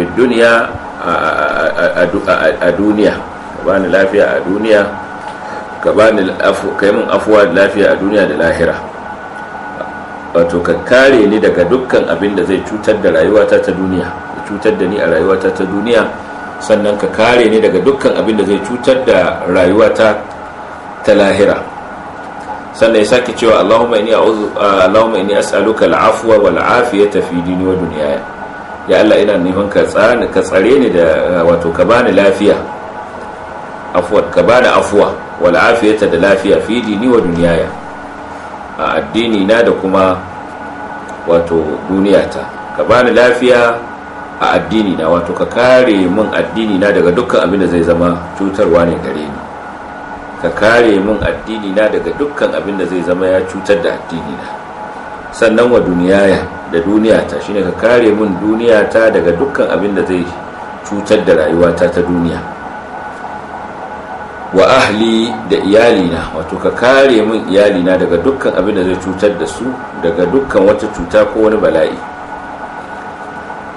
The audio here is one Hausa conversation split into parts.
fi duniya a duniya ka bani lafiya a duniya ka bani kai min afuwa da lafiya a duniya da lahira wato ka kare ni daga dukkan abin da zai cutar da rayuwata ta duniya da cutar da ni a rayuwata ta duniya sannan ka kare ni daga dukkan abin da zai cutar da rayuwata ta lahira sannan ya sake cewa Allahumma inni a'udhu Allahumma inni as'aluka al-afwa wal afiyata fi dini wa dunyaya ya Allah ina neman ka tsare ka tsare ni da eh, wato ka bani lafiya afwa ka bani afwa wal afiyata da lafiya fi dini wa duniyaya a addini na da kuma wato duniyata ka bani lafiya a addini na wato ka kare min addini na daga dukkan abin da zai zama cutarwa ne gare ni ka kare min addini na daga dukkan abin da zai zama ya cutar da addini na sannan wa duniyaya da duniyata shine ka kare mun duniyata daga dukkan abin da zai cutar da rayuwata ta duniya wa ahli da iyalina wato ka kare mun iyalina daga dukkan abin da zai cutar da su daga dukkan wata cuta ko wani bala'i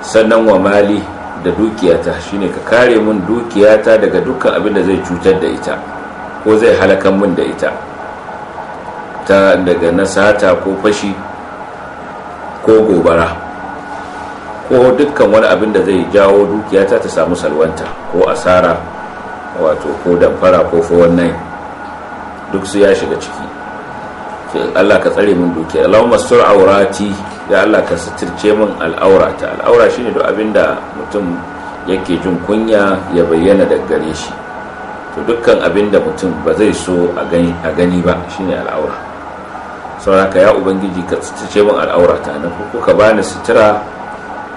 sannan wa mali da dukiyata shine ka kare mun dukiyata daga dukkan abin da zai cutar da ita ko zai halakan mun da ita ta daga na sata ko fashi ko gobara ko dukkan wani abin da zai jawo dukiyata ta samu salwanta ko asara wato ko damfara ko wannan duk su ya shiga ciki Allah ka tsare min dukiya Allahumma sur aurati ya Allah ka sitirce min al'aura ta. al'aura shine duk abin da mutum yake jin kunya ya bayyana da gare shi to dukkan abin da mutum ba zai so a gani ba shine al'aura sauraka ya ubangiji ka tsitace min al'aurata nan ko ka bani sutura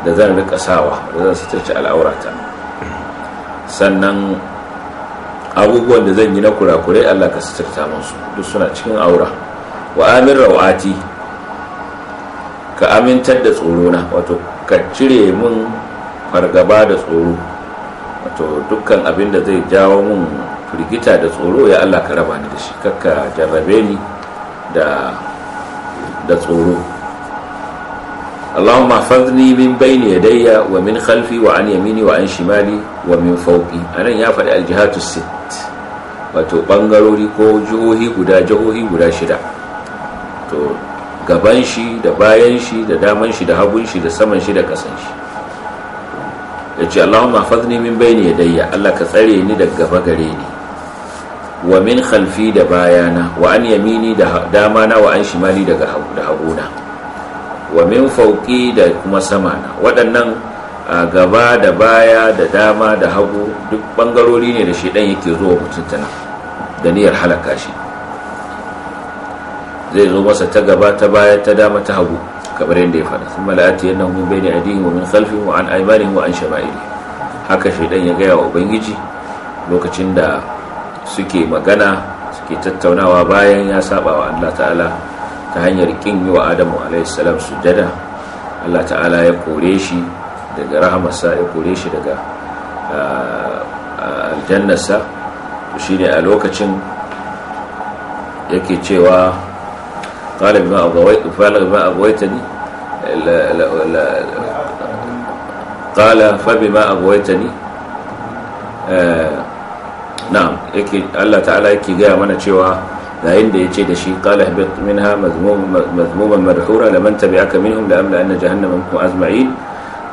da zan rika sawa da zan suturce al'aurata sannan abubuwan da zan yi na kurakurai Allah ka suturta musu duk suna cikin aura wa amir rawati ka amintar da tsoro na wato ka cire min fargaba da tsoro wato dukkan abin da zai jawo min firgita da tsoro ya Allah ka raba ni da shi kakka jarrabe ni da da tsoro Allahumma fadni min bayni yadayya wa min khalfi wa an yamini wa an shimali wa min fawqi anan ya faɗi aljihatu sit wato bangarori ko jihohi guda jihohi guda shida to gaban shi da bayan shi da daman shi da hagun shi da saman shi da kasan shi yace Allahumma fadni min bayni yadayya Allah ka tsare ni daga gaba gare ni wa min khalfi da bayana wa an yamini da dama na wa an shimali daga hagona wa min fauki da kuma sama na, waɗannan gaba da baya da dama da hagu duk ɓangarori ne da ɗan yake zuwa mutuntana da niyyar halaka shi zai zo masa ta gaba ta baya ta dama ta hagu kamar yadda ya faɗa sun mala'ati yadda mun bai da adini wa min khalfi wa an aimanin wa an shama'ili haka ɗan ya gaya wa ubangiji lokacin da suke magana suke tattaunawa bayan ya saba wa Allah ta'ala ta hanyar kin yi wa Adamu alaihissalam sujada Allah ta'ala ya kore shi daga rahamarsa ya kore shi daga aljannarsa to shine a lokacin yake cewa qala bima abawaita fala bima abawaitani qala fa bima abawaitani eh, na'am yake Allah ta'ala yake gaya mana cewa yayin da yace da shi qala habit minha mazmuman madhura laman tabi'aka minhum la amla anna jahannama minkum ajma'in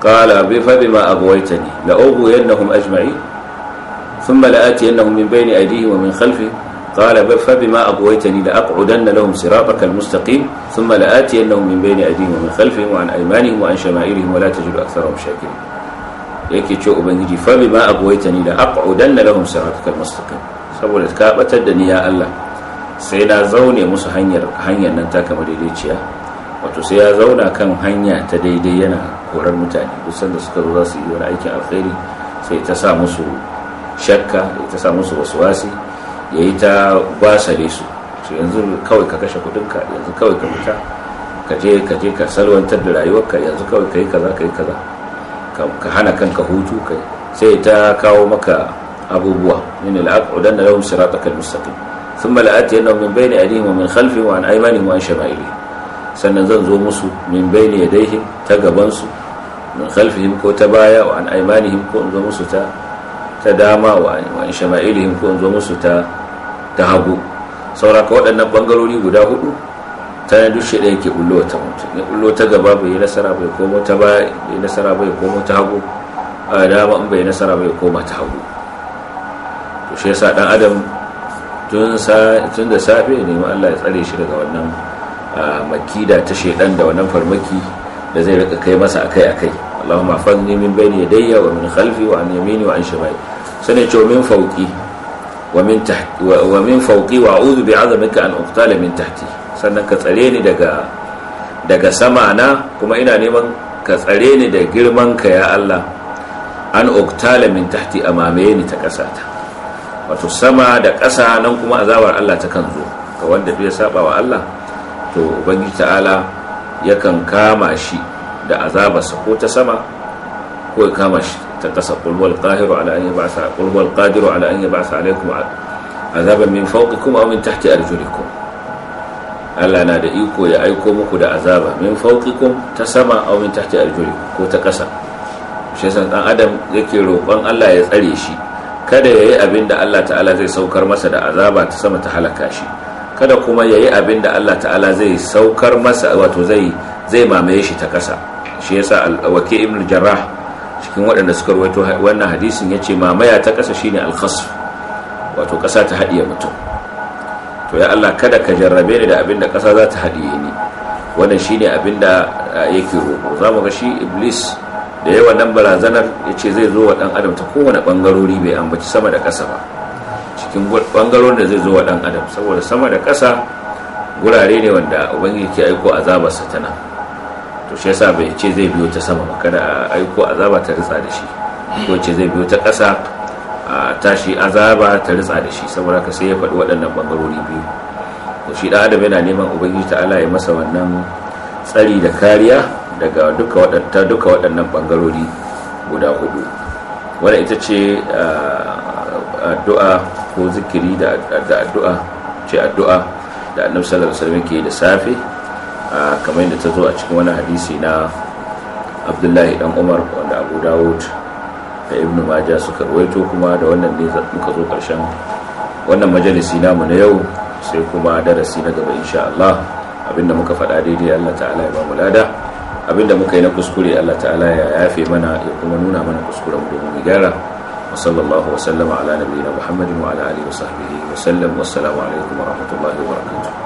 qala bi fa bima aghwaytani la ughwiyannahum ajma'in thumma la atiyannahum min bayni aydihim wa min khalfihim قال فبما أغويتني لأقعدن لهم صراطك المستقيم ثم لآتينهم من بين أيديهم ومن خلفهم وعن أيمانهم وعن شمائلهم ولا تجد أكثرهم شاكرين yake ce ubangiji fa bima abuwaitani la aq'udanna lahum siratakal mustaqim saboda ka batar da ni ya Allah sai na zaune musu hanyar hanyar nan ta kama daidaiciya wato sai ya zauna kan hanya ta daidai yana korar mutane kusan da suka zo za su yi wani aikin alkhairi sai ta sa musu shakka ya ta sa musu wasuwasi ya yi ta basare su su yanzu kawai ka kashe kudinka yanzu kawai ka fita ka je ka je ka salwantar da rayuwarka yanzu kawai ka yi kaza ka kaza ka hana kanka hutu kai sai ta kawo maka abubuwa min al-aqudan lahum siratakal mustaqim thumma la'atiyannahum min bayni aydihim wa min khalfihim wa an aymanihim wa an shama'ilihim sannan zan zo musu min bayni yadayhim ta gabansu su min khalfihim ko ta baya wa an aymanihim ko in zo musu ta ta dama wa an shama'ilihim ko in zo musu ta ta hagu sauraka waɗannan bangarori guda hudu ta yi dushe ɗaya ke bullo ta mutu ya bullo ta gaba bai yi nasara bai komo ta ba yi nasara bai komo ta hagu a dama in bai nasara bai koma ta hagu to shi yasa dan adam tun da safe ne ma Allah ya tsare shi daga wannan makida ta shedan da wannan farmaki da zai rika kai masa akai akai Allahumma ni min bayni yadayya wa min khalfi wa an yamini wa an shimali sanin cewa min fauki wa min tahti wa min fauki wa a'udhu bi'azamika an uqtala min tahti sannan ka tsare ni daga sama na kuma ina neman ka tsare ni da girman ka ya Allah an uktala min tahti amamaye ni ta ƙasa ta wato sama da ƙasa nan kuma azabar Allah ta kan zo ga wanda duk ya saba wa Allah to ubangiji ta'ala yakan kama shi da azabarsa ko ta sama ko ya kama shi ta ƙasa kulwal qahiru ala an yab'atha qulwal qadiru ala an yab'atha alaykum azaban min fawqikum aw min tahti arjulikum Allah na da iko ya aiko muku da azaba min fawqikum ta sama aw min tahti arjuli ko ta kasa shi yasa dan adam yake roƙon Allah ya tsare shi kada yayi abin da Allah ta'ala zai saukar masa da azaba ta sama ta halaka shi kada kuma yayi abin da Allah ta'ala zai saukar masa wato zai zai mamaye shi ta kasa shi yasa al-waki ibn jarrah cikin waɗanda suka rawaito wannan hadisin yace mamaya ta kasa shine al-khasf wato ƙasa ta haɗiye mutum to ya Allah kada ka jarrabe ni da abin da ƙasa za ta haɗiye ni wannan shine abin da yake roƙo za mu ga shi iblis da yawa nan barazanar ya ce zai zo wa ɗan adam ta kowane ɓangarori bai ambaci sama da ƙasa ba cikin ɓangarorin da zai zo wa ɗan adam saboda sama da ƙasa gurare ne wanda ubangiji ke aiko azabar satana to shi yasa bai ce zai biyo ta sama ba kada aiko azaba ta ritsa da shi ko ce zai biyo ta ƙasa tashi azaba ta ritsa da shi saboda ka sai ya faɗi waɗannan ɓangarori biyu to shi ɗan adam yana neman ubangiji ala ya masa wannan tsari da kariya daga duka waɗanta duka waɗannan ɓangarori guda hudu wadda ita ce addu'a ko zikiri da addu'a ce addu'a da annabi sallallahu alaihi wasallam ke da safe kamar yadda ta zo a cikin wani hadisi na abdullahi dan umar wanda abu dawud da ibn majah suka ruwaito kuma da wannan ne muka zo karshen wannan majalisi namu na yau sai kuma darasi na gaba insha Allah abinda muka faɗa daidai Allah ta'ala ya ba mu lada abinda muka yi na kuskure Allah ta'ala ya yafe mana ya kuma nuna mana kuskuren mu domin mu gyara wa sallallahu wa sallama ala nabiyina Muhammadin wa ala alihi wa sahbihi wa sallam assalamu alaikum wa rahmatullahi wa barakatuh